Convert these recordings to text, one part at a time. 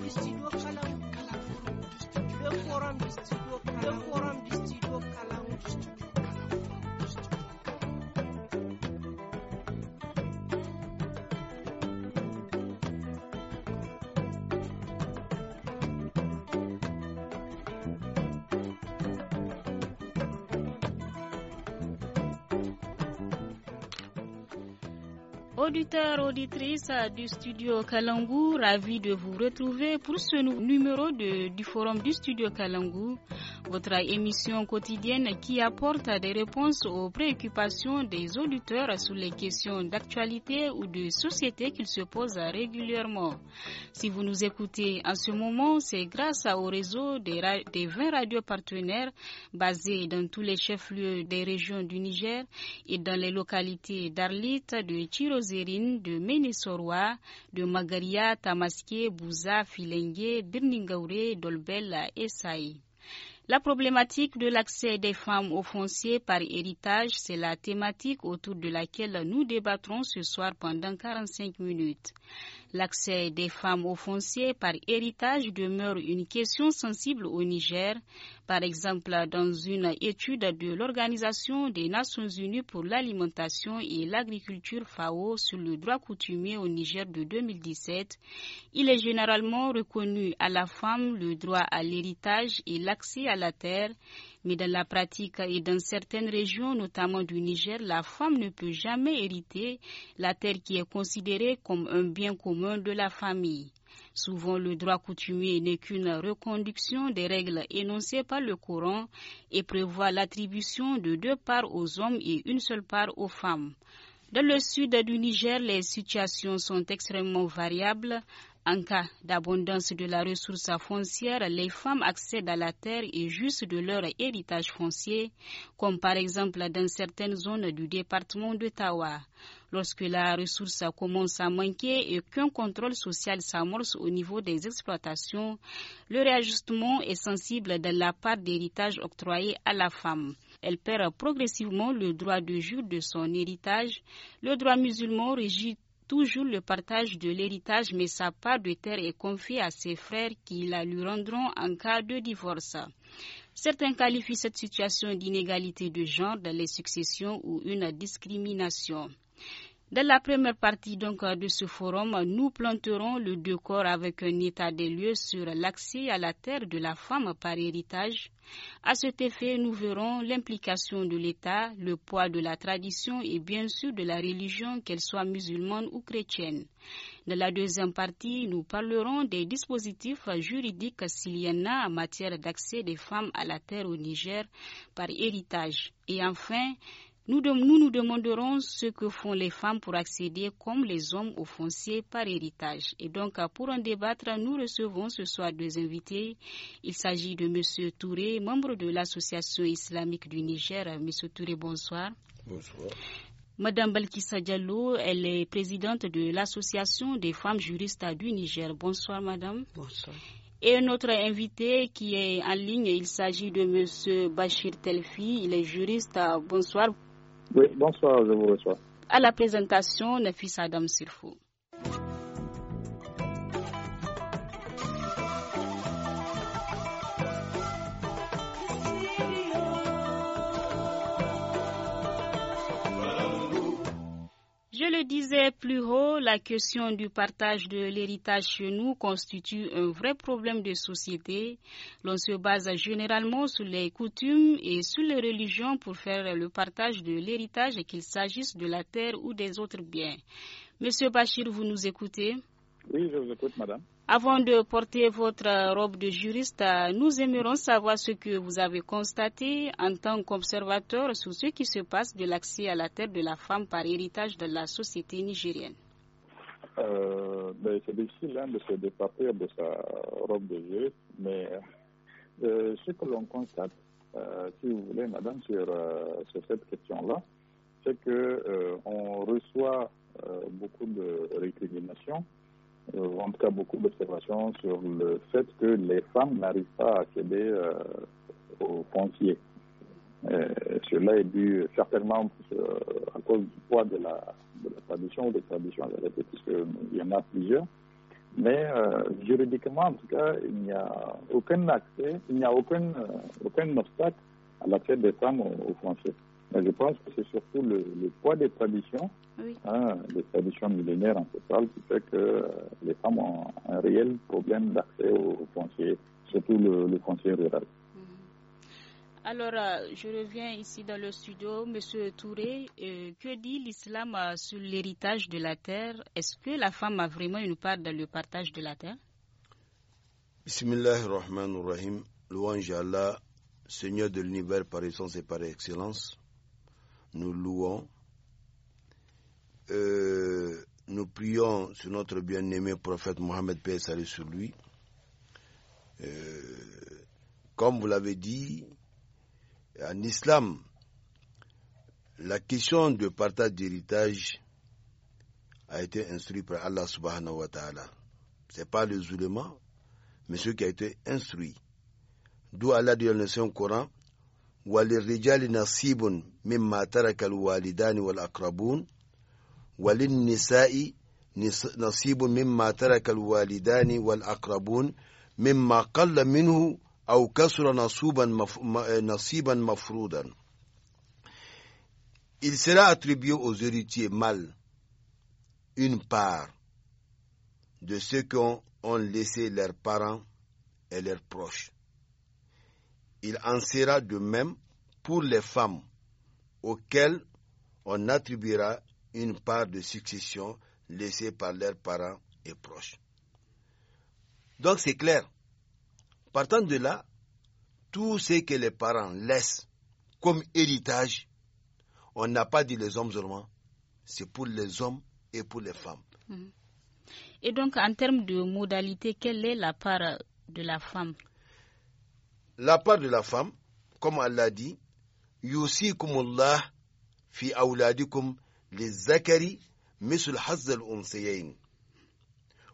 Just do kalau. Kalau district do forum auditeurs, auditrices du studio Kalangou, ravi de vous retrouver pour ce nouveau numéro du forum du studio Kalangou votre émission quotidienne qui apporte des réponses aux préoccupations des auditeurs sur les questions d'actualité ou de société qu'ils se posent régulièrement. Si vous nous écoutez en ce moment, c'est grâce au réseau des, 20 radios partenaires basés dans tous les chefs-lieux des régions du Niger et dans les localités d'Arlit, de Chirozérine, de Ménissoroa, de Magaria, Tamaské, Bouza, Filengue, Birningaure, Dolbella et Saï. La problématique de l'accès des femmes au foncier par héritage, c'est la thématique autour de laquelle nous débattrons ce soir pendant 45 minutes. L'accès des femmes aux fonciers par héritage demeure une question sensible au Niger. Par exemple, dans une étude de l'Organisation des Nations Unies pour l'alimentation et l'agriculture FAO sur le droit coutumier au Niger de 2017, il est généralement reconnu à la femme le droit à l'héritage et l'accès à la terre, mais dans la pratique et dans certaines régions, notamment du Niger, la femme ne peut jamais hériter la terre qui est considérée comme un bien commun de la famille. Souvent, le droit coutumier n'est qu'une reconduction des règles énoncées par le Coran et prévoit l'attribution de deux parts aux hommes et une seule part aux femmes. Dans le sud du Niger, les situations sont extrêmement variables. En cas d'abondance de la ressource foncière, les femmes accèdent à la terre et juste de leur héritage foncier, comme par exemple dans certaines zones du département de d'Ottawa. Lorsque la ressource commence à manquer et qu'un contrôle social s'amorce au niveau des exploitations, le réajustement est sensible de la part d'héritage octroyé à la femme. Elle perd progressivement le droit de jure de son héritage. Le droit musulman régit toujours le partage de l'héritage, mais sa part de terre est confiée à ses frères qui la lui rendront en cas de divorce. Certains qualifient cette situation d'inégalité de genre dans les successions ou une discrimination. Dans la première partie donc de ce forum, nous planterons le décor avec un état des lieux sur l'accès à la terre de la femme par héritage. À cet effet, nous verrons l'implication de l'État, le poids de la tradition et bien sûr de la religion, qu'elle soit musulmane ou chrétienne. Dans la deuxième partie, nous parlerons des dispositifs juridiques s'il y en a en matière d'accès des femmes à la terre au Niger par héritage. Et enfin, nous, nous demanderons ce que font les femmes pour accéder comme les hommes aux fonciers par héritage. Et donc, pour en débattre, nous recevons ce soir deux invités. Il s'agit de M. Touré, membre de l'Association islamique du Niger. M. Touré, bonsoir. Bonsoir. Madame Balkissa Diallo, elle est présidente de l'Association des femmes juristes du Niger. Bonsoir, madame. Bonsoir. Et autre invité qui est en ligne, il s'agit de M. Bachir Telfi, il est juriste. Bonsoir. Oui, bonsoir, je vous reçois. À la présentation, fils Adam Sirfou. Je disais plus haut, la question du partage de l'héritage chez nous constitue un vrai problème de société. L'on se base généralement sur les coutumes et sur les religions pour faire le partage de l'héritage, qu'il s'agisse de la terre ou des autres biens. Monsieur Bachir, vous nous écoutez Oui, je vous écoute, madame. Avant de porter votre euh, robe de juriste, euh, nous aimerons savoir ce que vous avez constaté en tant qu'observateur sur ce qui se passe de l'accès à la tête de la femme par héritage de la société nigérienne. Euh, ben, c'est difficile hein, de se départir de sa robe de juriste, mais ce que l'on constate, si vous voulez, madame, sur, sur cette question-là, c'est qu'on reçoit beaucoup de récriminations euh, en tout cas beaucoup d'observations sur le fait que les femmes n'arrivent pas à accéder euh, aux fonciers. Euh, cela est dû certainement à cause du poids de la, tradition ou des traditions arrêtées, puisqu'il y en a plusieurs. Mais juridiquement, en tout cas, il n'y a aucun accès, il n'y a aucun, aucun obstacle à l'accès des femmes aux, aux fonciers. Mais je pense que c'est surtout le, poids des traditions, des hein, traditions millénaires en total, qui fait que euh, les femmes ont un réel problème d'accès au, foncier, surtout le, foncier rural. Mhm. Alors, euh, je reviens ici dans le studio. Monsieur Touré, euh, que dit l'islam sur l'héritage de la terre Est-ce que la femme a vraiment une part dans le partage de la terre Bismillahirrahmanirrahim. Louange à Allah, Seigneur de l'univers par essence et par excellence nous louons, euh, nous prions sur notre bien-aimé prophète Mohamed paix salut sur lui. Euh, comme vous l'avez dit, en islam, la question de partage d'héritage a été instruite par Allah subhanahu wa ta'ala. Ce n'est pas le musulman, mais ce qui a été instruit. D'où Allah dit dans coran وللرجال نصيب مما ترك الوالدان والأقربون وللنساء نصيب مما ترك الوالدان والأقربون مما قل منه أو كسر نصوبا مف... نصيبا مفروضا Il sera attribué aux héritiers mâles une part de ce qu'ont ont laissé leurs parents et leurs proches. Il en sera de même pour les femmes auxquelles on attribuera une part de succession laissée par leurs parents et proches. Donc c'est clair. Partant de là, tout ce que les parents laissent comme héritage, on n'a pas dit les hommes seulement, c'est pour les hommes et pour les femmes. Mm. Et donc en termes de modalité, quelle est la part de la femme la part de la femme, comme Allah dit, Yusikumullah fi awladikum les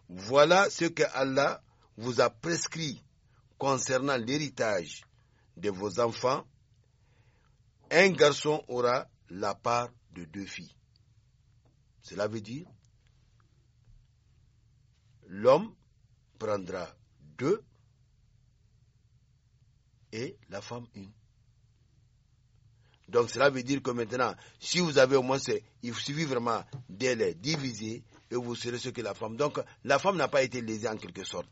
Voilà ce que Allah vous a prescrit concernant l'héritage de vos enfants. Un garçon aura la part de deux filles. Cela veut dire l'homme prendra deux et la femme une. Donc cela veut dire que maintenant, si vous avez au moins, il suffit vraiment de diviser et vous serez ce que la femme. Donc la femme n'a pas été lésée en quelque sorte.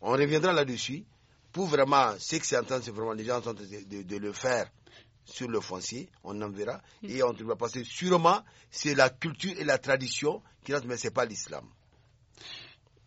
On reviendra là-dessus. Pour vraiment, ce qui c'est vraiment les gens sont de, de, le faire sur le foncier, on en verra, et on va passer sûrement, c'est la culture et la tradition qui rentrent, mais ce n'est pas l'islam.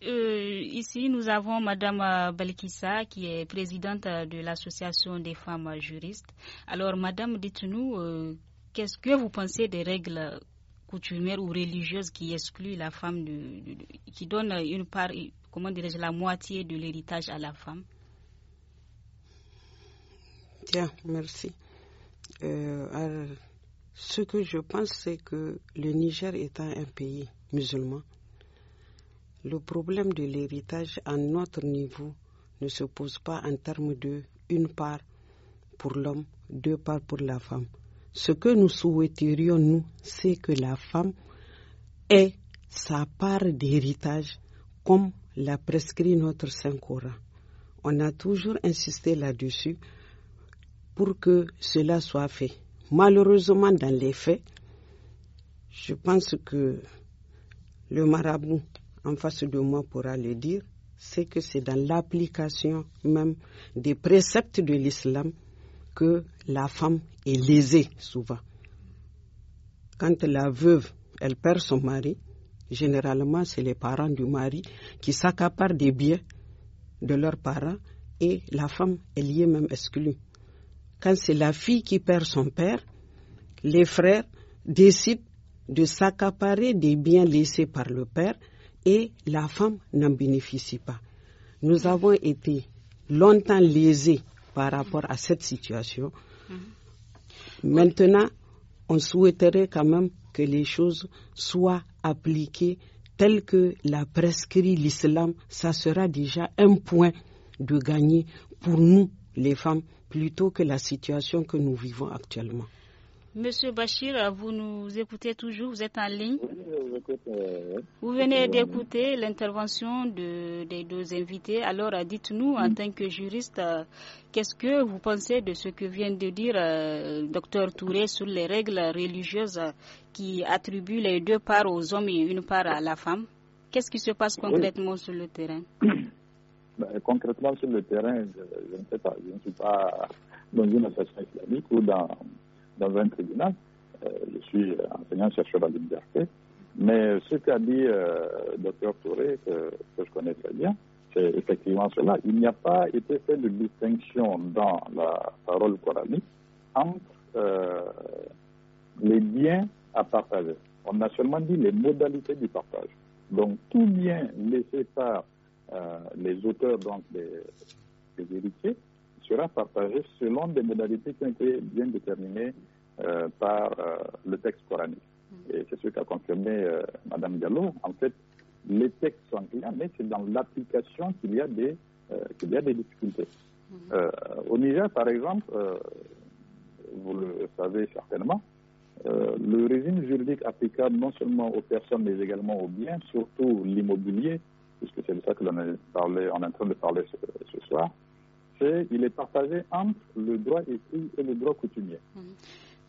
Euh, ici, nous avons Madame euh, Balkissa, qui est présidente euh, de l'Association des femmes juristes. Alors, Madame, dites-nous, qu'est-ce que vous pensez des règles coutumières ou religieuses qui excluent la femme, de, qui donnent une part, comment la moitié de l'héritage à la femme Tiens, merci. ce que je pense, c'est que le Niger étant un pays musulman, le problème de l'héritage à notre niveau ne se pose pas en termes de une part pour l'homme, deux parts pour la femme. Ce que nous souhaiterions, nous, c'est que la femme ait sa part d'héritage comme l'a prescrit notre Saint-Coran. On a toujours insisté là-dessus pour que cela soit fait. Malheureusement, dans les faits, je pense que le marabout en face de moi pourra le dire, c'est que c'est dans l'application même des préceptes de l'islam que la femme est lésée souvent. Quand la veuve, elle perd son mari, généralement c'est les parents du mari qui s'accaparent des biens de leurs parents et la femme, elle y est même exclue. Quand c'est la fille qui perd son père, les frères décident de s'accaparer des biens laissés par le père et la femme n'en bénéficie pas. Nous avons été longtemps lésés par rapport à cette situation. Mm-hmm. Maintenant, on souhaiterait quand même que les choses soient appliquées telles que l'a prescrit l'islam. Ça sera déjà un point de gagner pour nous, les femmes, plutôt que la situation que nous vivons actuellement. Monsieur Bachir, vous nous écoutez toujours, vous êtes en ligne. Euh, vous, venez d'écouter l'intervention des deux invités. Alors, euh, dites-nous, en tant que juriste, euh, qu'est-ce que vous pensez de ce que vient de dire le docteur Touré sur les règles religieuses qui attribuent les deux parts aux hommes et une part à la femme Qu'est-ce qui se passe concrètement sur le terrain ben, Concrètement sur le terrain, je, ne sais pas. Je ne suis pas dans une association islamique ou dans dans un tribunal. Euh, je suis enseignant-chercheur à l'université. Mais ce qu'a dit euh, docteur Touré, que, je connais très bien, c'est effectivement cela. Il n'y a pas été fait de distinction dans la parole coranique entre euh, les biens à partager. On a seulement dit les modalités du partage. Donc tout bien laissé par euh, les auteurs, donc des les héritiers, sera partagé selon des modalités qui ont été bien déterminées euh, par euh, le texte coranique. Mm. Et c'est ce qu'a confirmé euh, Madame Mme Gallo. En fait, les textes sont clairs, mais c'est dans l'application qu'il y, qu'il y a des difficultés. Mm. au Niger, par exemple, vous le savez certainement, le régime juridique applicable non seulement aux personnes, mais également aux biens, surtout l'immobilier, puisque c'est de ça que l'on est, en train de parler ce soir, il est partagé entre le droit écrit et le droit coutumier. Mhm.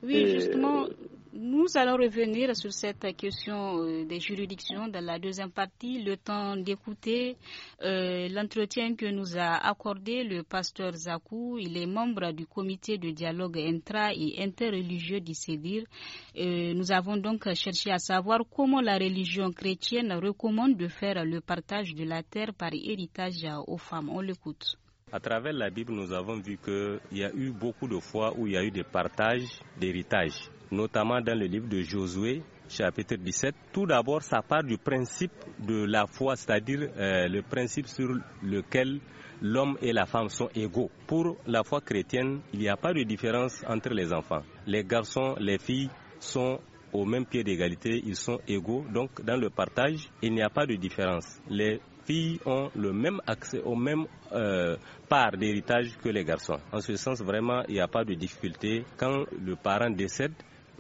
Oui, justement, euh, nous allons revenir sur cette question euh, des juridictions dans la deuxième partie, le temps d'écouter euh, l'entretien que nous a accordé le pasteur Zakou. Il est membre du comité de dialogue intra et interreligieux du nous avons donc cherché à savoir comment la religion chrétienne recommande de faire le partage de la terre par héritage aux femmes. On l'écoute. À travers la Bible, nous avons vu qu'il y a eu beaucoup de fois où il y a eu des partages d'héritage, notamment dans le livre de Josué, chapitre 17. Tout d'abord, ça part du principe de la foi, c'est-à-dire euh, le principe sur lequel l'homme et la femme sont égaux. Pour la foi chrétienne, il n'y a pas de différence entre les enfants. Les garçons, les filles sont au même pied d'égalité, ils sont égaux. Donc, dans le partage, il n'y a pas de différence. Les ont le même accès aux mêmes euh, parts d'héritage que les garçons. En ce sens, vraiment, il n'y a pas de difficulté. Quand le parent décède,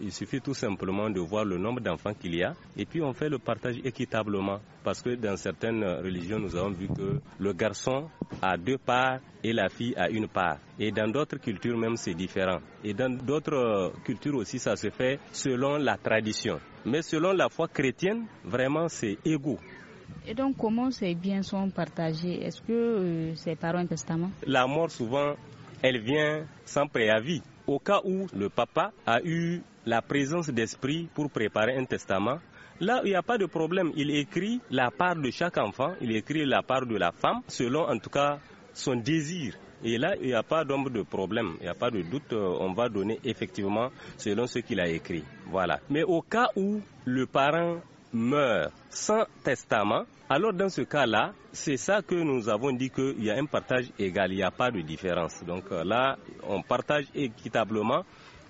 il suffit tout simplement de voir le nombre d'enfants qu'il y a et puis on fait le partage équitablement parce que dans certaines religions nous avons vu que le garçon a deux parts et la fille a une part et dans d'autres cultures même c'est différent et dans d'autres euh, cultures aussi ça se fait selon la tradition mais selon la foi chrétienne vraiment c'est égaux et donc, comment ces biens sont partagés Est-ce que euh, ces parents par un testament La mort, souvent, elle vient sans préavis. Au cas où le papa a eu la présence d'esprit pour préparer un testament, Là, il n'y a pas de problème. Il écrit la part de chaque enfant, il écrit la part de la femme, selon en tout cas son désir. Et là, il n'y a pas d'ombre de problème, il n'y a pas de doute. Euh, on va donner effectivement selon ce qu'il a écrit. Voilà. Mais au cas où le parent meurt sans testament, alors dans ce cas-là, c'est ça que nous avons dit qu'il y a un partage égal, il n'y a pas de différence. Donc euh, là, on partage équitablement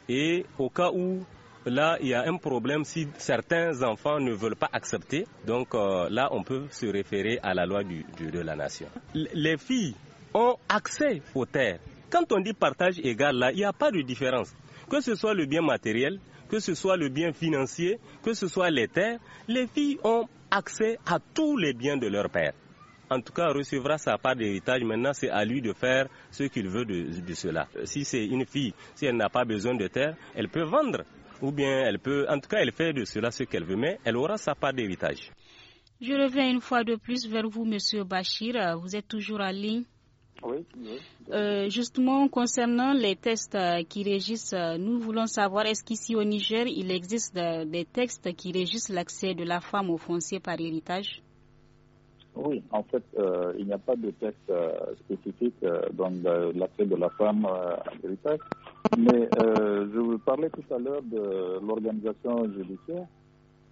et au cas où là, il y a un problème si certains enfants ne veulent pas accepter. Donc euh, là, on peut se référer à la loi du, de la nation. les filles ont accès aux terres. Quand on dit partage égal, là, il n'y a pas de différence. Que ce soit le bien matériel, que ce soit le bien financier, que ce soit les terres, les filles ont accès à tous les biens de leur père. En tout cas, recevra sa part d'héritage. Maintenant, c'est à lui de faire ce qu'il veut de, cela. Euh, si c'est une fille, si elle n'a pas besoin de terre, elle peut vendre. Ou bien elle peut, en tout cas, elle fait de cela ce qu'elle veut, mais elle aura sa part d'héritage. Je reviens une fois de plus vers vous, Monsieur Bachir. Vous êtes toujours en ligne. Euh, justement, concernant les textes euh, qui régissent, euh, nous voulons savoir est-ce qu'ici au Niger, il existe des textes qui régissent l'accès de la femme au foncier par héritage Oui, en fait, il n'y a pas de texte spécifique dans l'accès de la femme à l'héritage. Mais je vous parlais tout à l'heure de l'organisation judiciaire.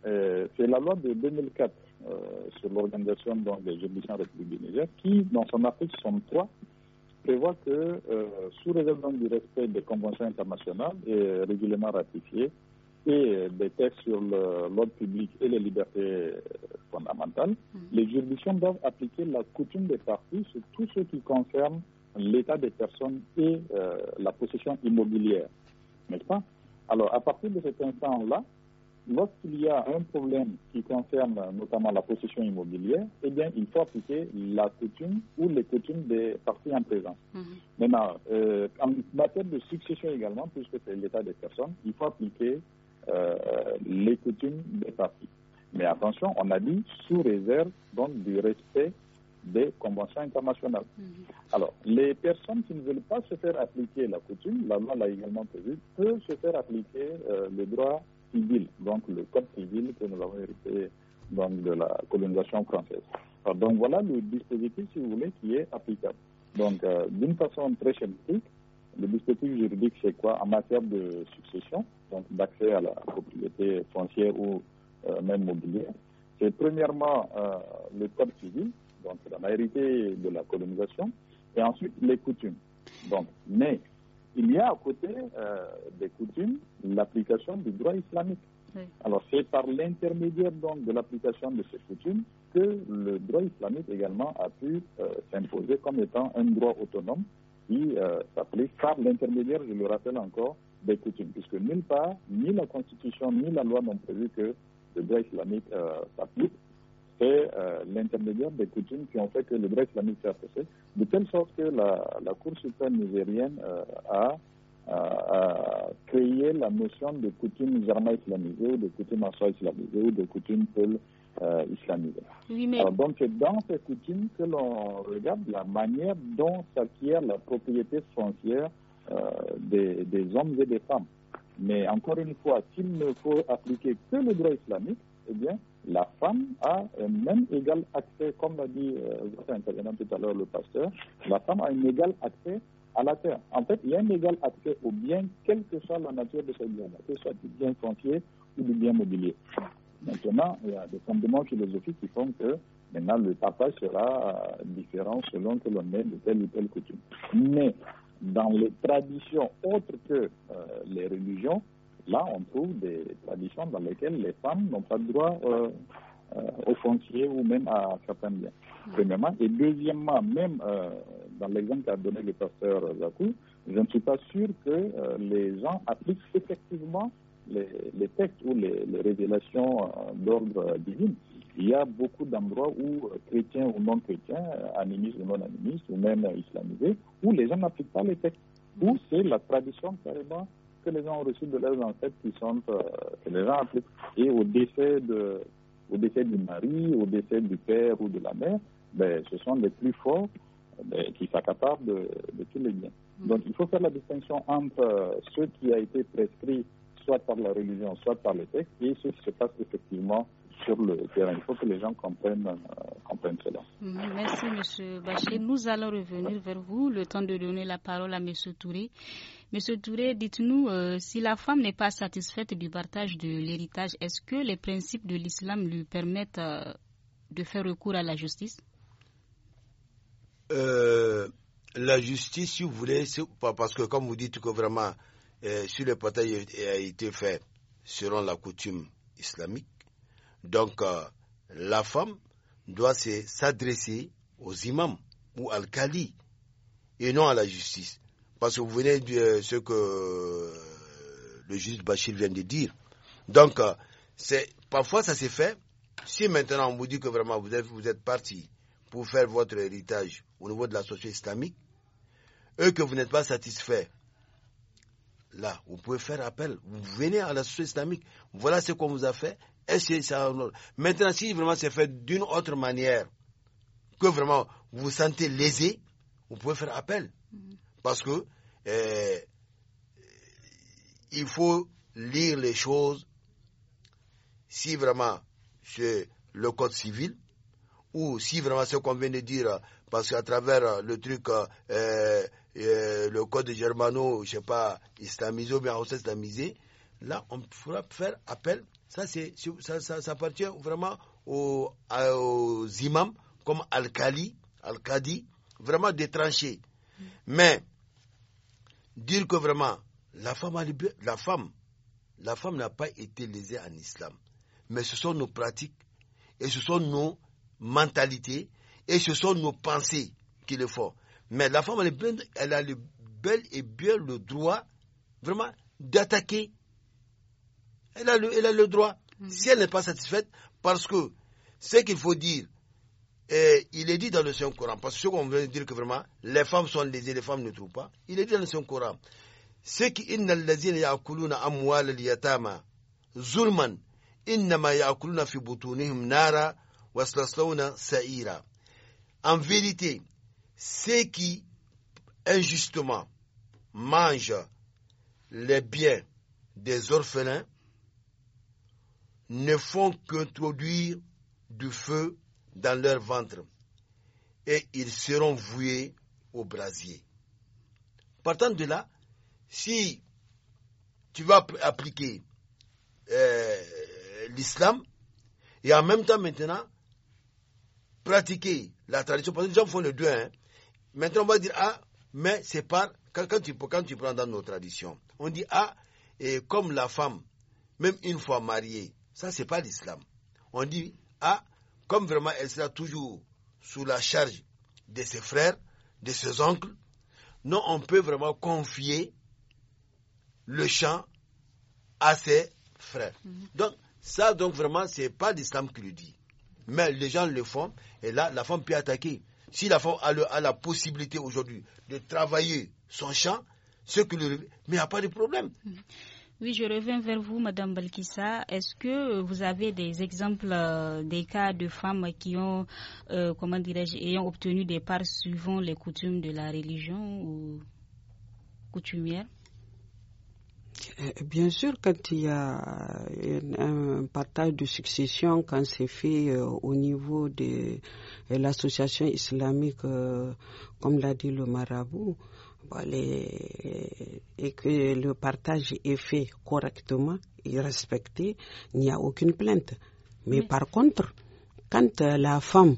C'est la loi de 2004 euh, sur l'organisation des juridictions républiques qui, dans son article 63, prévoit que, euh, sous réserve du respect des conventions internationales et régulièrement ratifiées, et des textes sur l'ordre public et les libertés euh, fondamentales, mm. les juridictions doivent appliquer la coutume des parties sur tout ce qui concerne l'état des personnes et la possession immobilière, n'est-ce pas Alors, à partir de cet instant-là, lorsqu'il y a un problème qui concerne notamment la possession immobilière, eh bien, il faut appliquer la coutume ou les coutumes des parties en présence. Mhm. Maintenant, euh, en matière de succession également, puisque c'est l'état des personnes, il faut appliquer euh, les coutumes des parties. Mais attention, on a dit sous réserve donc du respect des conventions internationales. Mhm. Alors, les personnes qui ne veulent pas se faire appliquer la coutume, la loi l'a également prévu, peuvent se faire appliquer euh, le droit civil, donc le code civil que nous avons hérité donc, de la colonisation française. Ah, donc voilà le dispositif, si vous voulez, qui est applicable. Donc euh, d'une façon très schématique, le dispositif juridique, c'est quoi En matière de succession, donc d'accès à la propriété foncière ou euh, même mobilière, c'est premièrement euh, le code civil, donc la majorité de la colonisation, et ensuite les coutumes. Donc, mais il y a à côté euh, des coutumes l'application du droit islamique. Alors c'est par l'intermédiaire donc de l'application de ces coutumes que le droit islamique également a pu euh, s'imposer comme étant un droit autonome qui euh, s'applique par l'intermédiaire, je le rappelle encore, des coutumes, puisque nulle part, ni la Constitution, ni la loi n'ont prévu que le droit islamique s'applique c'est euh, l'intermédiaire des coutumes qui ont fait que le droit islamique s'est approché, de telle sorte que la, Cour suprême nigérienne euh, a, créé la notion de coutume germain ou de coutume assois islamisé ou de coutume peul euh, donc c'est dans ces coutumes que l'on regarde la manière dont s'acquiert la propriété foncière euh, des, des hommes et des femmes. Mais encore une fois, s'il ne faut appliquer que le droit islamique, eh bien, la femme a un euh, même égal accès, comme l'a dit euh, tout à l'heure, le pasteur, la femme a un égal accès à la terre. En fait, il y a un égal accès au bien, quelle que soit la nature de ce bien que ce soit du bien foncier ou du bien mobilier. Maintenant, il y a des fondements philosophiques qui font que maintenant le papa sera euh, différent selon que l'on est de telle ou telle coutume. Mais dans les traditions autres que les religions, là, on trouve des traditions dans lesquelles les femmes n'ont pas le droit euh, euh, aux fonciers ou même à certains biens, premièrement. Et deuxièmement, même euh, dans l'exemple qu'a donné le pasteur Zakou, je ne suis pas sûr que euh, les gens appliquent effectivement les, textes ou les, les révélations euh, d'ordre divin. Il y a beaucoup d'endroits où, chrétiens ou non chrétiens, animistes ou non animistes, ou même islamisés, où les gens n'appliquent pas les textes, où c'est la tradition carrément que les gens ont reçu de leurs ancêtres qui sont, euh, les gens Et au décès, de, au décès du mari, au décès du père ou de la mère, ben, ce sont les plus forts ben, qui s'accaparent de, de, tous les biens. Mm. Donc il faut faire la distinction entre euh, ce qui a été prescrit soit par la religion, soit par les textes, et ce qui se passe effectivement sur le terrain. Il faut que les gens comprennent, euh, comprennent cela. Mm, merci, M. Bachet. Nous allons revenir vers vous, le temps de donner la parole à M. Touré. Monsieur Touré, dites-nous, euh, si la femme n'est pas satisfaite du partage de l'héritage, est-ce que les principes de l'islam lui permettent euh, de faire recours à la justice euh, La justice, si vous voulez, parce que comme vous dites que vraiment, si le partage a été fait selon la coutume islamique, donc la femme doit s'adresser aux imams ou al-Khali et non à la justice. Parce que vous venez de ce que euh, le juge Bachir vient de dire. Donc, euh, c'est parfois ça s'est fait. Si maintenant on vous dit que vraiment vous êtes, vous êtes parti pour faire votre héritage au niveau de la société islamique, et que vous n'êtes pas satisfait, là, vous pouvez faire appel. Vous venez à la société islamique. Voilà ce qu'on vous a fait. Maintenant, si vraiment c'est fait d'une autre manière, que vraiment vous vous sentez lésé, vous pouvez faire appel. Mm. Parce que eh, il faut lire les choses si vraiment c'est le code civil ou si vraiment ce qu'on vient de dire, parce qu'à travers le truc, euh, eh, eh, le code germano, je sais pas, islamisé ou bien islamisé, là on pourra faire appel. Ça, c'est, ça, ça, appartient vraiment aux, imams comme Al-Khali, al vraiment des mais dire que vraiment la femme a la femme, la femme n'a pas été lésée en islam. Mais ce sont nos pratiques et ce sont nos mentalités et ce sont nos pensées qui le font. Mais la femme, elle, a le bel et bien le droit vraiment d'attaquer. Elle, elle a le, droit. Mm. Si elle n'est pas satisfaite, parce que ce qu'il faut dire, et eh, il est dit dans le Saint-Coran, parce que ce qu'on veut dire que vraiment, les femmes sont lésées, les femmes ne trouvent pas. Il est dit dans le Saint-Coran, qui amwal al-yatama zulman fi butunihim nara sa'ira. En vérité, ceux qui injustement mangent les biens des orphelins ne font qu'introduire du feu dans leur ventre, et ils seront voués au brasier. Partant de là, si tu vas appliquer euh, l'islam, et en même temps maintenant, pratiquer la tradition, parce que les gens font le deux, hein. maintenant on va dire, ah, mais c'est pas, quand, quand, tu, quand tu prends dans nos traditions, on dit, ah, et comme la femme, même une fois mariée, ça c'est pas l'islam. On dit, ah, comme vraiment elle sera toujours sous la charge de ses frères, de ses oncles, non, on peut vraiment confier le champ à ses frères. Mhm. Donc, ça, donc vraiment, ce n'est pas l'islam qui le dit. Mais les gens le font, et là, la femme peut attaquer. Si la femme a, la possibilité aujourd'hui de travailler son champ, ce que le... Mais il n'y a pas de problème. Mhm. Oui, je reviens vers vous, Madame Balkissa. Est-ce que vous avez des exemples, euh, des cas de femmes qui ont, euh, comment dirais-je, ayant obtenu des parts suivant les coutumes de la religion ou coutumière eh, eh, Bien sûr, quand il y a euh, un partage de succession, quand c'est fait au niveau de, l'association islamique, comme l'a dit le marabout, et que le partage est fait correctement et respecté, il n'y a aucune plainte. Mais par contre, quand euh, la femme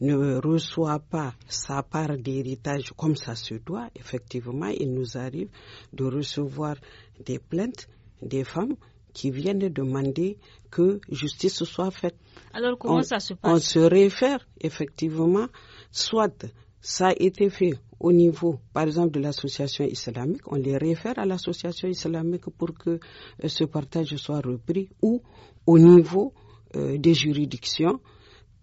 ne reçoit pas sa part d'héritage comme ça se doit, effectivement, il nous arrive de recevoir des plaintes des femmes qui viennent demander que justice soit faite. Alors comment ça se passe On se réfère effectivement, soit ça a été fait au niveau, par exemple, de l'association islamique, on les réfère à l'association islamique pour que euh, ce partage soit repris, ou au niveau euh, des juridictions,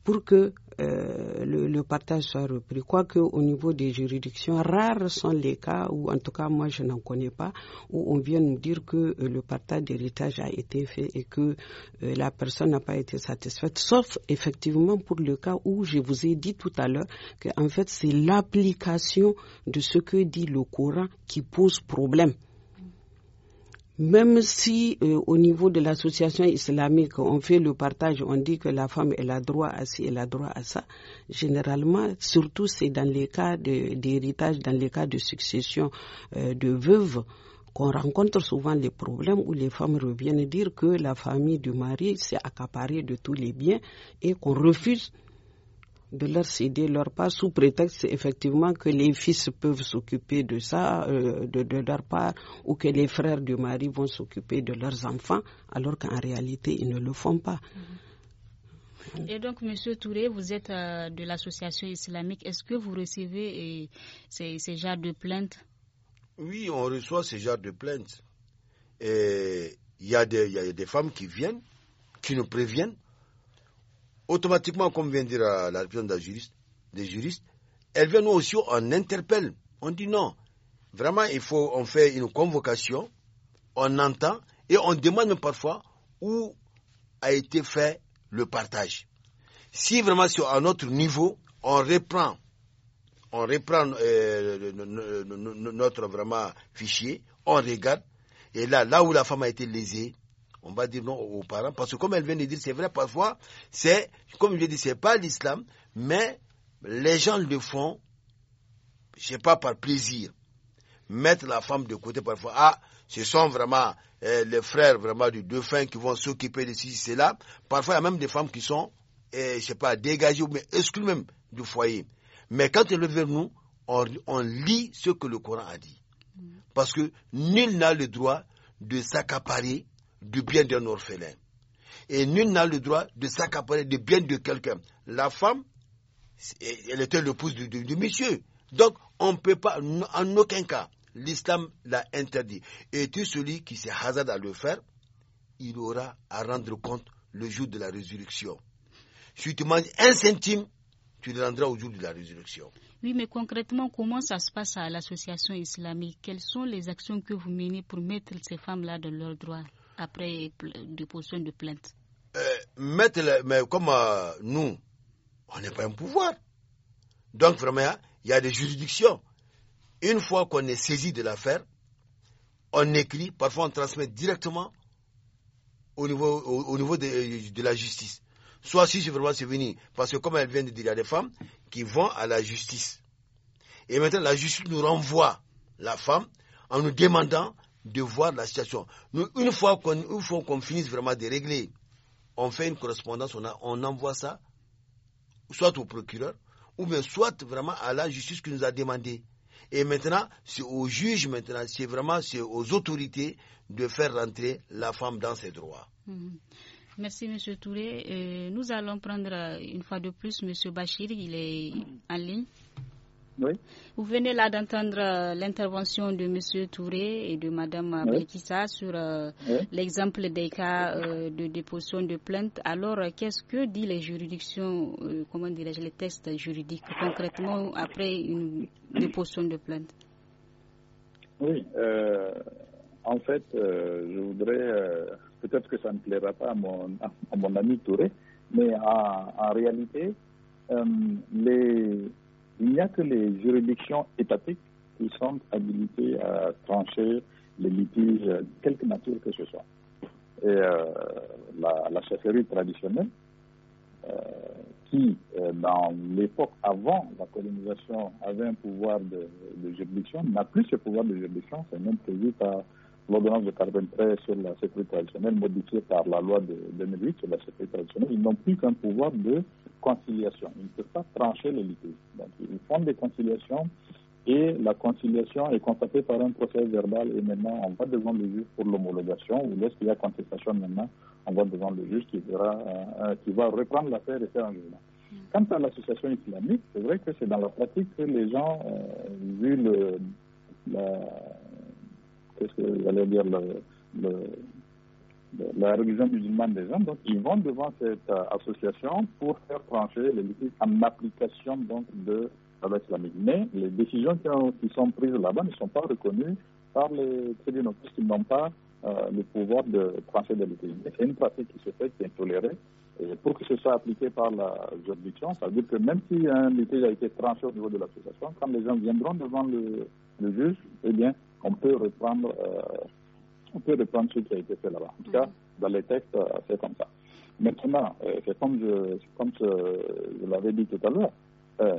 pour que euh, le, partage soit repris. Quoique au niveau des juridictions, rares sont les cas, où en tout cas moi je n'en connais pas, où on vient nous dire que euh, le partage d'héritage a été fait et que euh, la personne n'a pas été satisfaite, sauf effectivement pour le cas où je vous ai dit tout à l'heure en fait c'est l'application de ce que dit le Coran qui pose problème même si euh, au niveau de l'association islamique, on fait le partage, on dit que la femme, elle a droit à ci, elle a droit à ça, généralement, surtout c'est dans les cas d'héritage, dans les cas de succession euh, de veuves, qu'on rencontre souvent les problèmes où les femmes reviennent dire que la famille du mari s'est accaparée de tous les biens et qu'on refuse de leur céder leur part sous prétexte effectivement que les fils peuvent s'occuper de ça, euh, de, leur part, ou que les frères du mari vont s'occuper de leurs enfants, alors qu'en réalité, ils ne le font pas. Mhm. Et donc, Monsieur Touré, vous êtes euh, de l'association islamique. Est-ce que vous recevez ces, ces genres de plaintes Oui, on reçoit ces genres de plaintes. Et il y, a des femmes qui viennent, qui nous préviennent automatiquement, comme vient dire euh, la, personne des juristes, des juristes, elle vient nous aussi, on interpelle. On dit non. Vraiment, il faut, on fait une convocation, on entend et on demande parfois où a été fait le partage. Si vraiment sur un autre niveau, on reprend, on reprend euh, notre vraiment fichier, on regarde, et là, là où la femme a été lésée, on va dire non aux parents, parce que comme elle vient de dire, c'est vrai, parfois, c'est, comme je dis, c'est pas l'islam, mais les gens le font, je sais pas, par plaisir. Mettre la femme de côté parfois, ah, ce sont vraiment euh, les frères vraiment du dauphin qui vont s'occuper de ceci, là. Parfois, il y a même des femmes qui sont, euh, je sais pas, dégagées ou mais exclues même du foyer. Mais quand elles le vers nous, on, lit ce que le Coran a dit. Mm. Parce que nul n'a le droit de s'accaparer du bien d'un orphelin. Et nul n'a le droit de s'accaparer du bien de quelqu'un. La femme, elle était l'épouse du, monsieur. Donc, on ne peut pas, en aucun cas, l'islam l'a interdit. Et tout celui qui se hasarde à le faire, il aura à rendre compte le jour de la résurrection. Si tu manges un centime, tu le rendras au jour de la résurrection. Oui, mais concrètement, comment ça se passe à l'association islamique Quelles sont les actions que vous menez pour mettre ces femmes-là dans leurs droits après déposition de plainte euh, Mais comme euh, nous, on n'est pas un pouvoir. Donc vraiment, il y a des juridictions. Une fois qu'on est saisi de l'affaire, on écrit, parfois on transmet directement au niveau, au, niveau de, la justice. Soit si vraiment c'est venir, parce que comme elle vient de dire, il y a des femmes qui vont à la justice. Et maintenant, la justice nous renvoie la femme en nous demandant de voir la situation. Nous, une fois qu'on finisse vraiment de régler, on fait une correspondance, on, envoie ça soit au procureur, ou bien soit vraiment à la justice qui nous a demandé. Et maintenant, c'est aux juges, maintenant, c'est vraiment aux autorités de faire rentrer la femme dans ses droits. Mhm. Merci, M. Touré. Euh, nous allons prendre euh, une fois de plus M. Bachir, il est en ligne. Vous venez là d'entendre euh, l'intervention de M. Touré et de Mme euh, oui. sur euh, l'exemple des cas de déposition de plainte. Alors, qu'est-ce que dit les juridictions, comment dirais-je, les tests juridiques concrètement après une déposition de plainte Oui. en fait, je voudrais, peut-être que ça ne plaira pas à mon, ami Touré, mais en réalité, les il n'y a que les juridictions étatiques qui sont habilitées à trancher les litiges, de quelque nature que ce soit. Et euh, la, la, traditionnelle, euh, qui, euh, dans l'époque avant la colonisation, avait un pouvoir de, juridiction, n'a plus ce pouvoir de juridiction, c'est même prévu par l'ordonnance de 43 sur la sécurité traditionnelle, modifiée par la loi de 2008 sur la sécurité traditionnelle. Ils n'ont plus qu'un pouvoir de conciliation. Ils ne peuvent pas trancher les litiges. Donc, ils font des conciliations et la conciliation est constatée par un procès verbal et maintenant on va devant le juge pour l'homologation ou lorsqu'il y a contestation maintenant, on va devant le juge qui, euh, euh, qui va reprendre l'affaire et faire un jugement. Quant à l'association islamique, c'est vrai que c'est dans la pratique que les gens, euh, vu le, qu'est-ce que j'allais dire, le, la religion musulmane des hommes. Donc, ils vont devant cette euh, association pour faire trancher les litiges en application donc, de la loi islamique. Mais les décisions qui, sont prises là-bas ne sont pas reconnues par les tribunaux, puisqu'ils n'ont pas euh, le pouvoir de trancher des litiges. C'est une pratique qui se fait, qui est intolérée. Et pour que ce soit appliqué par la juridiction, ça veut dire que même si un litige a été tranché au niveau de l'association, quand les gens viendront devant le, juge, eh bien, on peut reprendre. Euh, on peut reprendre ce qui a été fait là-bas. En tout cas, mm. dans les textes, euh, c'est comme ça. Maintenant, euh, c'est comme je, l'avais dit tout à l'heure, euh,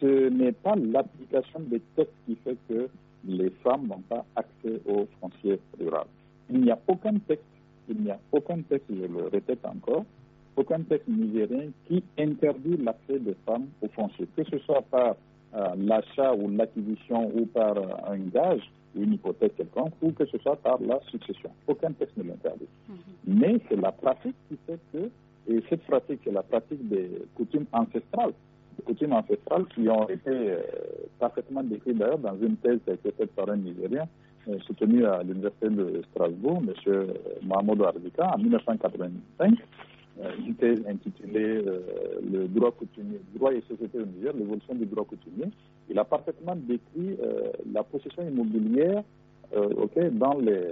ce n'est pas l'application des textes qui fait que les femmes n'ont pas accès aux fonciers ruraux. Il n'y a aucun texte, il n'y a aucun texte, je le répète encore, aucun texte nigérien qui interdit l'accès des femmes aux fonciers, que ce soit par l'achat ou l'acquisition ou par un gage une hypothèse quelconque ou que ce soit par la succession. Aucun texte ne l'interdit. Mhm. Mais c'est la pratique qui fait que, et cette pratique, est la pratique des coutumes ancestrales, des coutumes ancestrales qui ont été euh, parfaitement décrites d'ailleurs dans une thèse qui a été faite par un Nigérien euh, soutenu à l'Université de Strasbourg, M. Mahmoud Ardika, en 1985 euh, une thèse intitulée Le droit coutumier, droit et société au Niger, l'évolution du droit coutumier, il a parfaitement décrit euh, la possession immobilière euh, dans, les,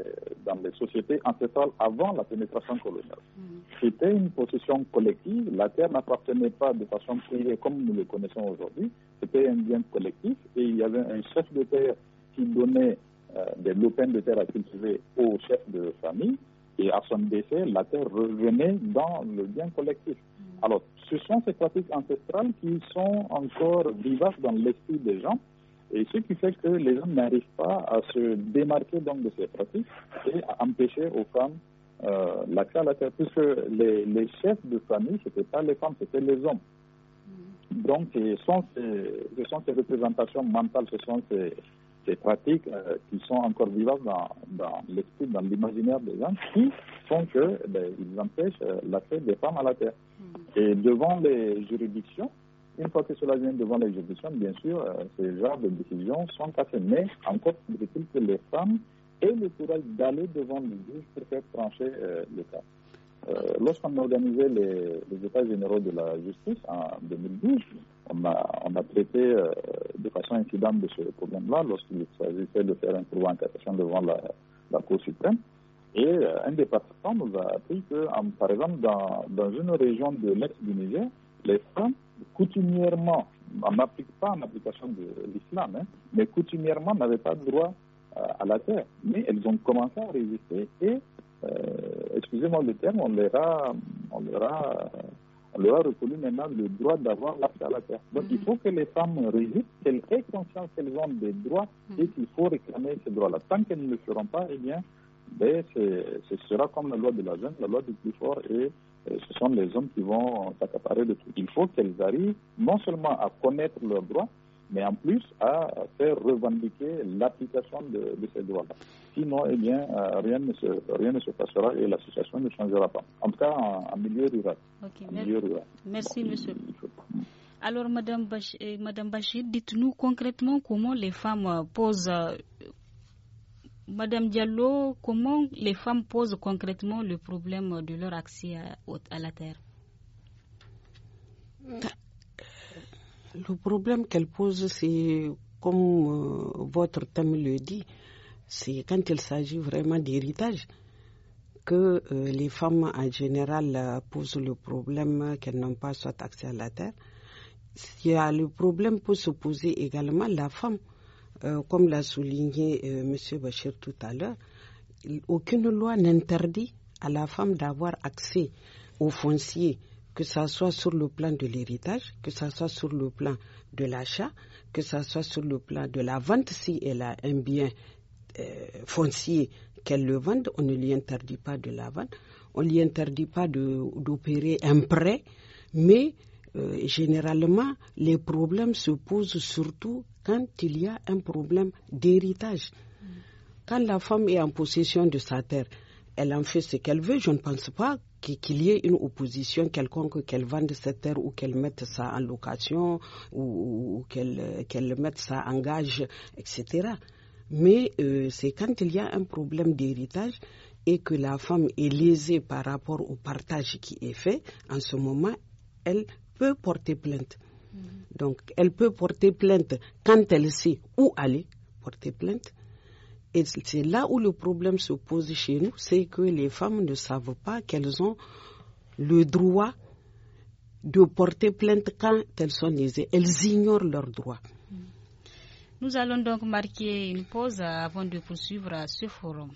dans les sociétés ancestrales avant la pénétration coloniale. Mm-hmm. C'était une possession collective, la terre n'appartenait pas de façon privée comme nous le connaissons aujourd'hui, c'était un bien collectif et il y avait un chef de terre qui donnait euh, des lopins de terre à cultiver au chefs de famille et à son décès, la terre revenait dans le bien collectif. Mm. Alors, ce sont ces pratiques ancestrales qui sont encore vivaces dans l'esprit des gens, et ce qui fait que les hommes n'arrivent pas à se démarquer donc de ces pratiques et à empêcher aux femmes euh, l'accès à la terre, puisque les, les chefs de famille, ce n'étaient pas les femmes, c'était les hommes. Mm. Donc, sont, ce sont ces représentations mentales, ce sont ces, des pratiques euh, qui sont encore vivantes dans, l'esprit, dans l'imaginaire des gens, qui font que eh ben, ils empêchent euh, l'accès des femmes à la terre. Hmm. Et devant les juridictions, une fois que cela vient devant les juridictions, bien sûr, euh, ces genres de décisions sont passées. Mais encore plus il que les femmes aient le courage d'aller devant le juge pour faire trancher l'État. cas. Lorsqu'on a organisé les états généraux de la justice en 2012, on a, traité euh, de façon incidente de ce problème-là lorsqu'il s'agissait de faire un trou en devant la, Cour suprême. Et euh, un des participants nous a appris que, par exemple, dans, une région de l'Est du Niger, les femmes, coutumièrement, on n'applique pas en application de l'islam, hein, mais coutumièrement n'avaient pas droit euh, à la terre. Mais elles ont commencé à résister et, excusez-moi le terme, on les On a on leur a reconnu maintenant le droit d'avoir l'accès à la terre. Donc il faut que les femmes résistent, qu'elles aient conscience qu'elles ont des droits hmm. et qu'il faut réclamer ces droits-là. Tant qu'elles ne le feront pas, eh bien, ben, ce sera comme la loi de la jeune, la loi du plus fort, et, et euh, ce sont les hommes qui vont s'accaparer de tout. Il faut qu'elles arrivent non seulement à connaître leurs droits, mais en plus à faire revendiquer l'application de, ces droits-là. Sinon, eh bien, euh, rien, ne se, rien ne se passera et la situation ne changera pas. En tout cas, en, milieu rural. Merci, monsieur. Alors, madame, Bach... Euh, Bachir, dites-nous concrètement comment les femmes euh, posent. Madame Diallo, comment les femmes posent concrètement le problème de leur accès à, la terre le problème qu'elle pose, c'est, comme euh, votre thème le dit, c'est quand il s'agit vraiment d'héritage que euh, les femmes en général euh, posent le problème qu'elles n'ont pas soit accès à la terre. y a le problème peut se poser également la femme, comme l'a souligné M. Bachir tout à l'heure. Aucune loi n'interdit à la femme d'avoir accès aux foncier que ce soit sur le plan de l'héritage, que ce soit sur le plan de l'achat, que ce soit sur le plan de la vente, si elle a un bien euh, foncier qu'elle le vende, on ne lui interdit pas de la vente. on ne lui interdit pas d'opérer un prêt, mais euh, généralement, les problèmes se posent surtout quand il y a un problème d'héritage. Quand la femme est en possession de sa terre, elle en fait ce qu'elle veut. Je ne pense pas qu'il y ait une opposition quelconque, qu'elle vende cette terre ou qu'elle mette ça en location ou, qu'elle mette ça en gage, etc. Mais euh, c'est quand il y a un problème d'héritage et que la femme est lésée par rapport au partage qui est fait, en ce moment, elle peut porter plainte. Mm-hmm. Donc, elle peut porter plainte quand elle sait où aller, porter plainte. Et c'est là où le problème se pose chez nous, c'est que les femmes ne savent pas qu'elles ont le droit de porter plainte quand elles sont lésées. Elles ignorent leurs droits. Nous allons donc marquer une pause avant de poursuivre ce forum.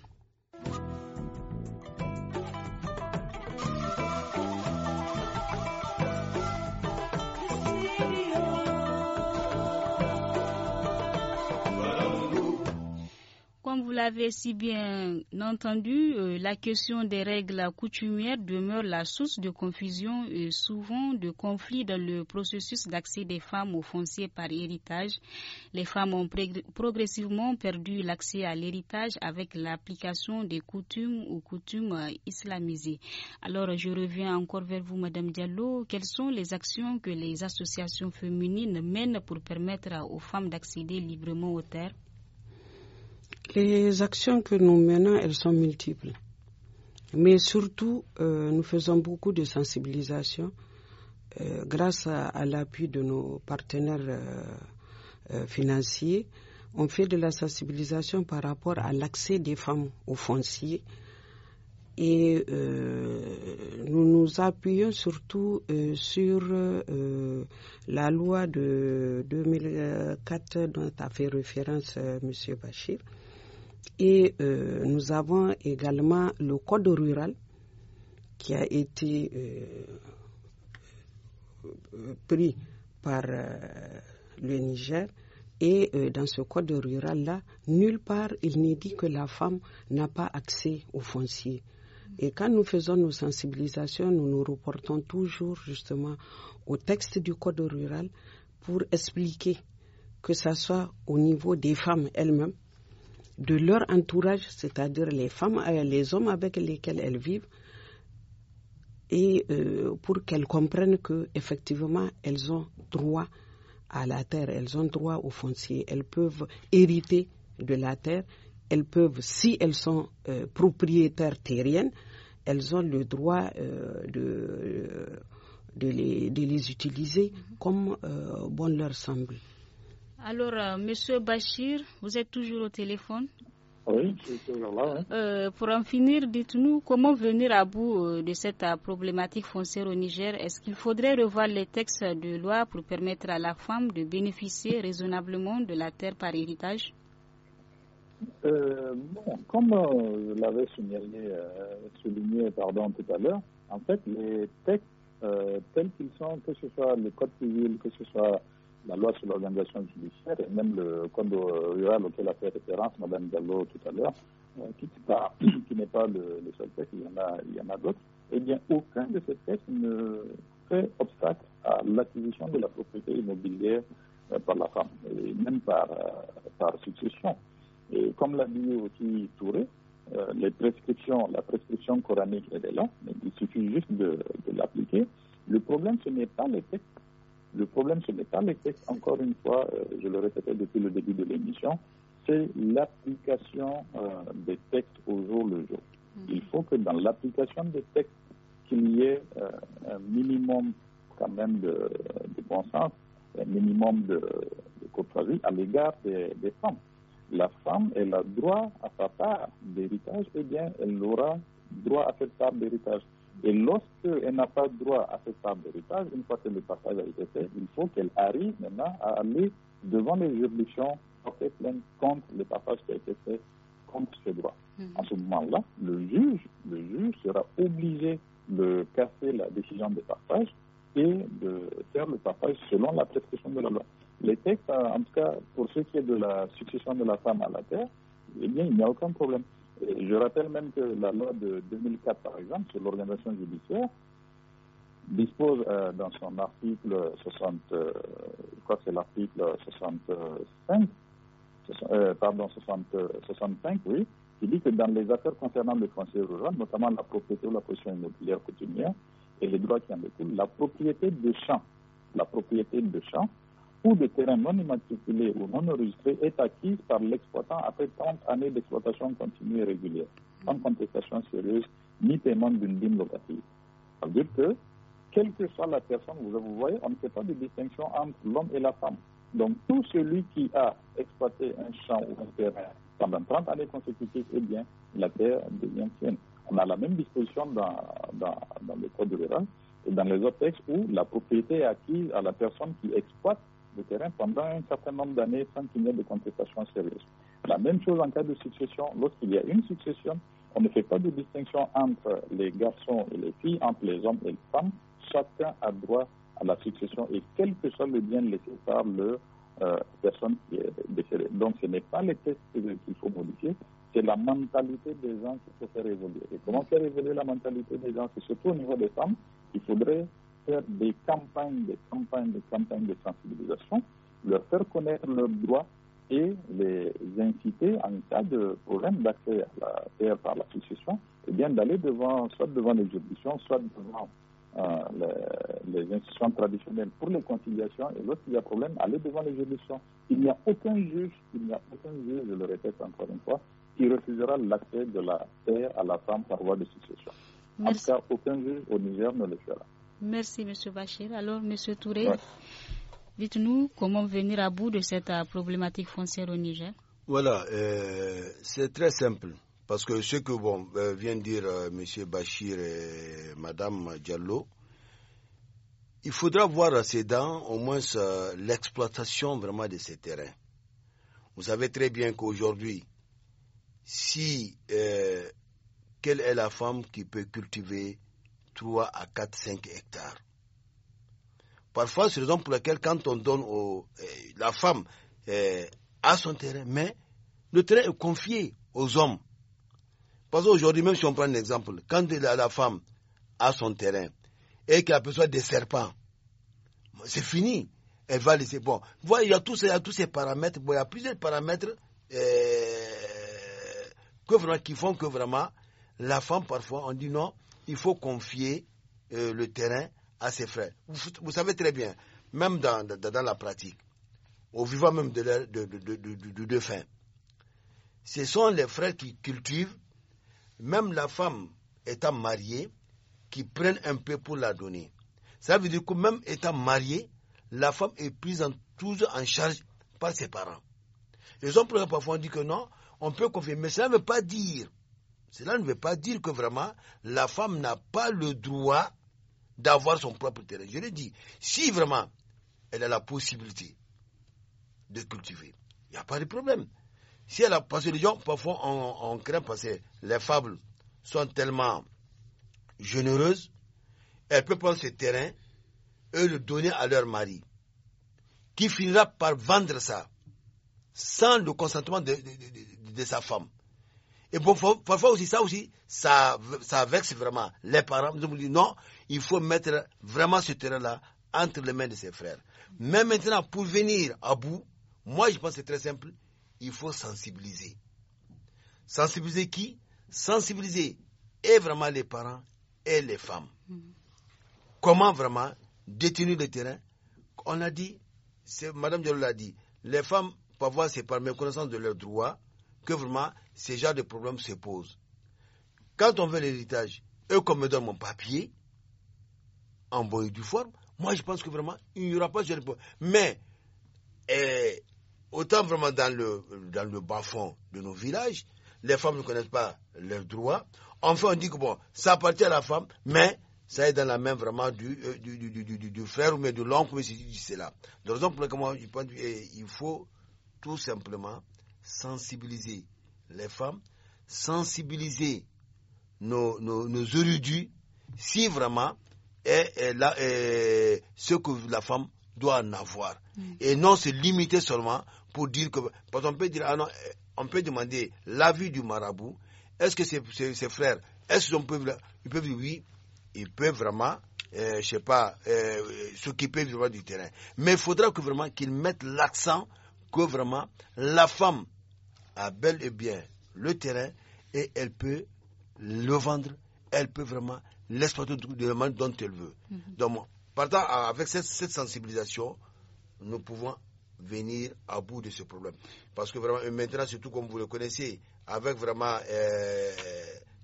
Comme vous l'avez si bien entendu, euh, la question des règles coutumières demeure la source de confusion et souvent de conflits dans le processus d'accès des femmes aux fonciers par héritage. Les femmes ont progressivement perdu l'accès à l'héritage avec l'application des coutumes ou coutumes islamisées. Alors, je reviens encore vers vous, Madame Diallo. Quelles sont les actions que les associations féminines mènent pour permettre aux femmes d'accéder librement aux terres les actions que nous menons, elles sont multiples. Mais surtout, euh, nous faisons beaucoup de sensibilisation euh, grâce à, l'appui de nos partenaires euh, financiers. On fait de la sensibilisation par rapport à l'accès des femmes aux fonciers et nous nous appuyons surtout sur la loi de 2004 dont a fait référence M. Bachir et euh, nous avons également le code rural qui a été euh, euh, pris par le Niger. Et dans ce code rural-là, nulle part il n'est dit que la femme n'a pas accès aux foncier. Et quand nous faisons nos sensibilisations, nous nous reportons toujours justement au texte du code rural pour expliquer que ce soit au niveau des femmes elles-mêmes, de leur entourage, c'est-à-dire les femmes, euh, les hommes avec lesquels elles vivent, et euh, pour qu'elles comprennent que effectivement elles ont droit à la terre, elles ont droit au foncier, elles peuvent hériter de la terre, elles peuvent, si elles sont euh, propriétaires terriennes, elles ont le droit de, les, utiliser mhm. comme bon leur semble. Alors, M. Euh, monsieur Bachir, vous êtes toujours au téléphone Oui, je suis toujours là. Hein. Euh, pour en finir, dites-nous comment venir à bout euh, de cette problématique foncière au Niger. Est-ce qu'il faudrait revoir les textes de loi pour permettre à la femme de bénéficier raisonnablement de la terre par héritage comme je l'avais souligné, tout à l'heure, en fait, les textes tels qu'ils sont, que ce soit le code civil, que ce soit la loi sur l'organisation judiciaire et même le code rural auquel a fait référence Mme Gallo tout à l'heure, euh, qui n'est pas, le, seul texte, il y en a, d'autres, eh bien, aucun de ces textes ne fait obstacle à l'acquisition de la propriété immobilière euh, par la femme, et même euh, par, succession. Et comme l'a dit aussi Touré, les prescriptions, la prescription coranique est là, mais il suffit juste de l'appliquer. Le problème, ce n'est pas les textes le problème, ce n'est pas les textes, encore une fois, euh, je le répétais depuis le début de l'émission, c'est l'application euh, des textes au jour le jour. Mm-hmm. Il faut que dans l'application des textes, qu'il y ait euh, un minimum quand même de, bon sens, un minimum de, de à l'égard des, femmes. La femme, elle a droit à sa part d'héritage, et eh bien, elle aura droit à cette part d'héritage. Et lorsqu'elle n'a pas droit à cette part d'héritage, une fois que le partage a été fait, il faut qu'elle arrive maintenant à aller devant les juridictions porter plainte contre le partage qui a été fait contre ses droits. En mhm. ce moment-là, le juge, le juge sera obligé de casser la décision de partage et de faire le partage selon la prescription de la loi. Les textes, en tout cas, pour ce qui est de la succession de la femme à la terre, eh bien, il n'y a aucun problème. Euh, je rappelle même que la loi de 2004, par exemple, sur l'organisation judiciaire, dispose euh, dans son article 60, euh, je crois que c'est l'article 65, pardon, 60, 65, oui, qui dit que dans les affaires concernant le conseil rural, notamment la propriété ou la position immobilière coutumière et les droits qui en découlent, la propriété de champs, la propriété de champs ou de terrain non immatriculé ou non enregistré est acquis par l'exploitant après 30 années d'exploitation continue et régulière, sans contestation sérieuse ni paiement d'une dîme locative. Ça veut dire que, quelle que soit la personne, vous voyez, on ne fait pas de distinction entre l'homme et la femme. Donc tout celui qui a exploité un champ ou un terrain pendant 30 années consécutives, eh bien, la terre devient sienne. On a la même disposition dans, dans, dans le code rural et dans les autres textes où la propriété est acquise à la personne qui exploite de terrain pendant un certain nombre d'années sans qu'il n'y ait de contestation sérieuse. La même chose en cas de succession. Lorsqu'il y a une succession, on ne fait pas de distinction entre les garçons et les filles, entre les hommes et les femmes. Chacun a droit à la succession et quel que soit le bien laissé par la euh, personne qui est décédée. Donc ce n'est pas les textes qu'il faut modifier, c'est la mentalité des gens qu'il faut faire évoluer. Et comment faire évoluer la mentalité des gens C'est surtout au niveau des femmes, il faudrait faire des campagnes, des campagnes, des campagnes de sensibilisation, leur faire connaître leurs droits et les inciter, en cas de problème d'accès à la terre par l'association, eh bien d'aller devant, soit devant les juridictions, soit devant euh, les, institutions traditionnelles pour les conciliations et lorsqu'il y a problème, aller devant les juridictions. Il n'y a aucun juge, il n'y a aucun juge, je le répète encore une fois, qui refusera l'accès de la terre à la femme par voie de succession. En tout cas, aucun juge au Niger ne le fera. Merci, M. Bachir. Alors, M. Touré, dites-nous comment venir à bout de cette euh, problématique foncière au Niger. Voilà, euh, c'est très simple. Parce que ce que bon, euh, vient dire M. Bachir et Mme Diallo, il faudra voir à ses dents au moins l'exploitation vraiment de ces terrains. Vous savez très bien qu'aujourd'hui, si quelle est la femme qui peut cultiver 3 à 4, 5 hectares. Parfois, c'est raison pour laquelle quand on donne au, eh, la femme eh, à son terrain, mais le terrain est confié aux hommes. Parce qu'aujourd'hui, même si on prend un exemple, quand la, femme a son terrain et qu'elle a besoin des serpents, c'est fini. Elle va laisser. Bon, voilà, il y a tous, ces paramètres. il y a plusieurs paramètres eh, qui font que vraiment, la femme, parfois, on dit non, il faut confier euh, le terrain à ses frères. Vous, savez très bien, même dans, dans, la pratique, au vivant même de, la, de, de, de ce sont les frères qui cultivent, même la femme étant mariée, qui prennent un peu pour la donner. Ça veut dire que même étant mariée, la femme est prise en, toujours en charge par ses parents. Les hommes parfois on dit que non, on peut confier, mais ça ne veut pas dire cela ne veut pas dire que vraiment la femme n'a pas le droit d'avoir son propre terrain. Je l'ai dit, si vraiment elle a la possibilité de cultiver, il n'y a pas de problème. Si elle a passé les gens, parfois on, craint parce que les fables sont tellement généreuses, elles peuvent prendre ce terrain et le donner à leur mari, qui finira par vendre ça sans le consentement de sa femme. Et bon, parfois aussi, ça aussi, ça, ça vexe vraiment les parents. Nous avons dit non, il faut mettre vraiment ce terrain-là entre les mains de ses frères. Mais maintenant, pour venir à bout, moi je pense que c'est très simple, il faut sensibiliser. Sensibiliser qui Sensibiliser et vraiment les parents et les femmes. Comment vraiment détenir le terrain On a dit, Madame Diallo l'a dit, les femmes, parfois c'est par méconnaissance de leurs droits, que vraiment ces genre de problèmes se posent. Quand on veut l'héritage, eux comme me donne mon papier, en et du forme, moi je pense que vraiment il n'y aura pas de problème. Mais eh, autant vraiment dans le, dans le bas fond de nos villages, les femmes ne connaissent pas leurs droits. Enfin, on dit que bon, ça appartient à la femme, mais ça est dans la main vraiment du, euh, du, frère ou de l'oncle, mais c'est là. De raison pour je pense eh, faut tout simplement sensibiliser les femmes, sensibiliser nos, nos, si vraiment est, eh, eh, là, eh, ce que la femme doit en avoir. Mm. Et non se limiter seulement pour dire que. Parce qu'on peut dire, ah non, on peut demander l'avis du marabout. Est-ce que ses, ses, frères, est-ce qu'on peut ils peuvent dire oui, ils peuvent vraiment, je sais pas, s'occuper du terrain. Mais il faudra que vraiment qu'ils mettent l'accent que vraiment la femme a bel et bien le terrain et elle peut le vendre, elle peut vraiment l'exploiter de la manière dont elle veut. Mhm. Donc, avec cette, sensibilisation, nous pouvons venir à bout de ce problème. Parce que vraiment, maintenant, surtout comme vous le connaissez, avec vraiment euh,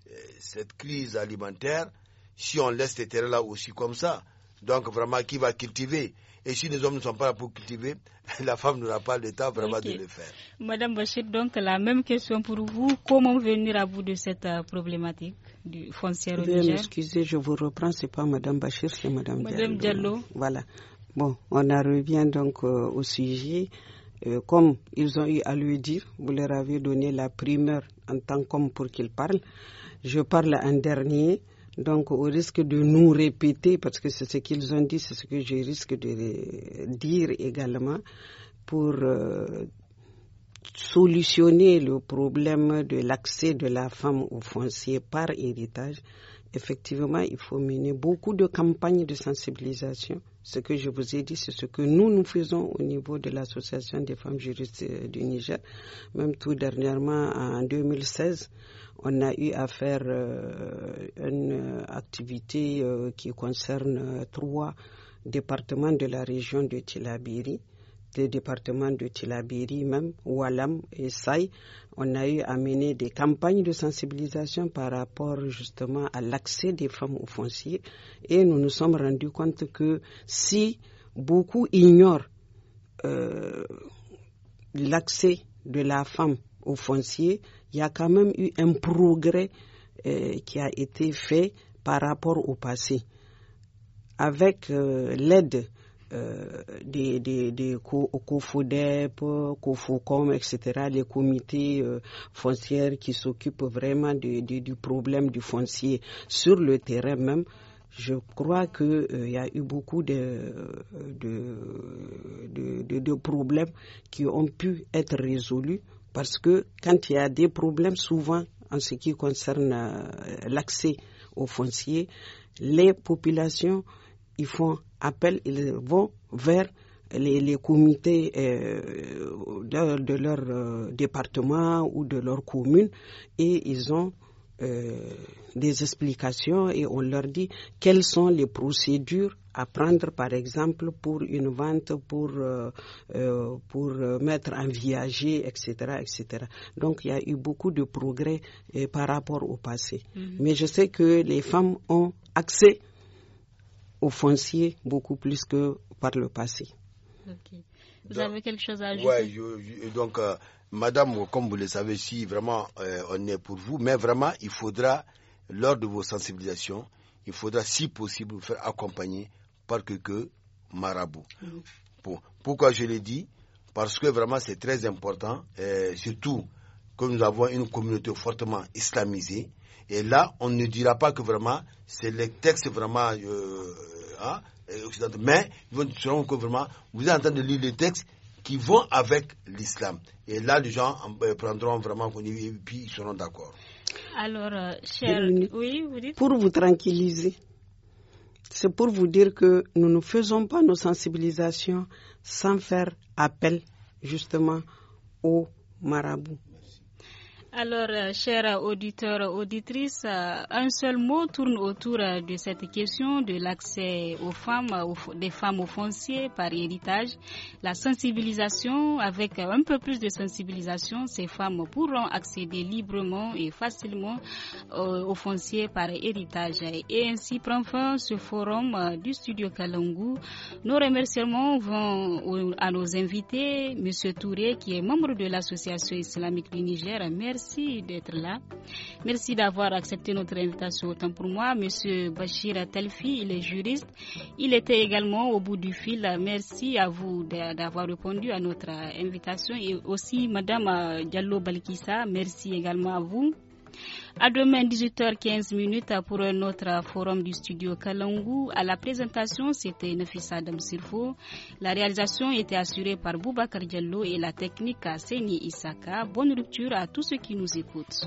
euh, cette crise alimentaire, si on laisse les terrains là aussi comme ça, donc vraiment, qui va cultiver et si les hommes ne sont pas là pour cultiver, la femme n'aura pas le temps vraiment de le faire. Madame Bachir, donc la même question pour vous. Comment venir à bout de cette euh, problématique du foncier au Excusez, je vous reprends. Ce n'est pas Madame Bachir, c'est Madame, Madame Diallo. Voilà. Bon, on en revient donc euh, au sujet. Euh, comme ils ont eu à lui dire, vous leur avez donné la primeur en tant qu'homme pour qu'ils parlent. Je parle un dernier. Donc, au risque de nous répéter, parce que c'est ce qu'ils ont dit, c'est ce que je risque de dire également, pour euh, solutionner le problème de l'accès de la femme au foncier par héritage, effectivement, il faut mener beaucoup de campagnes de sensibilisation. Ce que je vous ai dit, c'est ce que nous, nous faisons au niveau de l'Association des femmes juristes euh, du Niger. Même tout dernièrement, en 2016, on a eu à faire euh, une euh, activité qui concerne trois départements de la région de Tilabiri des départements de Tilabiri même, Walam et Saï, on a eu à mener des campagnes de sensibilisation par rapport justement à l'accès des femmes aux fonciers et nous nous sommes rendus compte que si beaucoup ignorent euh, l'accès de la femme aux fonciers, il y a quand même eu un progrès euh, qui a été fait par rapport au passé. Avec euh, l'aide euh, des, des, des COFODEP, COFOCOM, etc., les comités euh, foncières qui s'occupent vraiment du problème du foncier sur le terrain même je crois qu'il euh, il y a eu beaucoup de, de, de, de, problèmes qui ont pu être résolus parce que quand il y a des problèmes, souvent en ce qui concerne l'accès au foncier, les populations ils font appel, ils vont vers les, comités euh, de, leur euh, département ou de leur commune et ils ont euh, des explications et on leur dit quelles sont les procédures à prendre par exemple pour une vente, pour, pour mettre un viager, etc., etc. Donc il y a eu beaucoup de progrès par rapport au passé. Mm-hmm. Mais je sais que les femmes ont accès au foncier beaucoup plus que par le passé. Vous avez quelque chose à ajouter Oui, donc, euh, madame, comme vous le savez, si vraiment euh, on est pour vous, mais vraiment, il faudra, lors de vos sensibilisations, il faudra, si possible, vous faire accompagner par quelques marabouts. Mm-hmm. pourquoi je le dis Parce que vraiment, c'est très important, surtout que nous avons une communauté fortement islamisée et là, on ne dira pas que vraiment, c'est les textes vraiment euh, euh, hein, euh, occidentaux, mais ils vont dire que vraiment, vous êtes en train de lire les textes qui vont avec l'islam. Et là, les gens prendront vraiment et puis ils seront d'accord. Alors, cher, oui, vous dites Pour vous tranquilliser, c'est pour vous dire que nous ne faisons pas nos sensibilisations sans faire appel justement aux marabouts alors, euh, chers auditeurs, auditrices, euh, un seul mot tourne autour euh, de cette question de l'accès aux femmes, des femmes aux fonciers par héritage. La sensibilisation, avec un peu plus de sensibilisation, ces femmes pourront accéder librement et facilement aux fonciers par héritage. Et ainsi prend fin ce forum du studio Kalangu. Nos remerciements vont à nos invités, Monsieur Touré, qui est membre de l'Association islamique du Niger. Merci Merci d'être là. Merci d'avoir accepté notre invitation autant pour moi. Monsieur Bachir Telfi, il est juriste. Il était également au bout du fil. Merci à vous d'avoir répondu à notre invitation. Et aussi, Madame Diallo Balkissa, merci également à vous. À demain 18h15 pour un autre forum du studio Kalangu. À la présentation, c'était Nefissa Adam Sirfo. La réalisation était assurée par Bouba Diallo et la technique à Seni Isaka. Bonne rupture à tous ceux qui nous écoutent.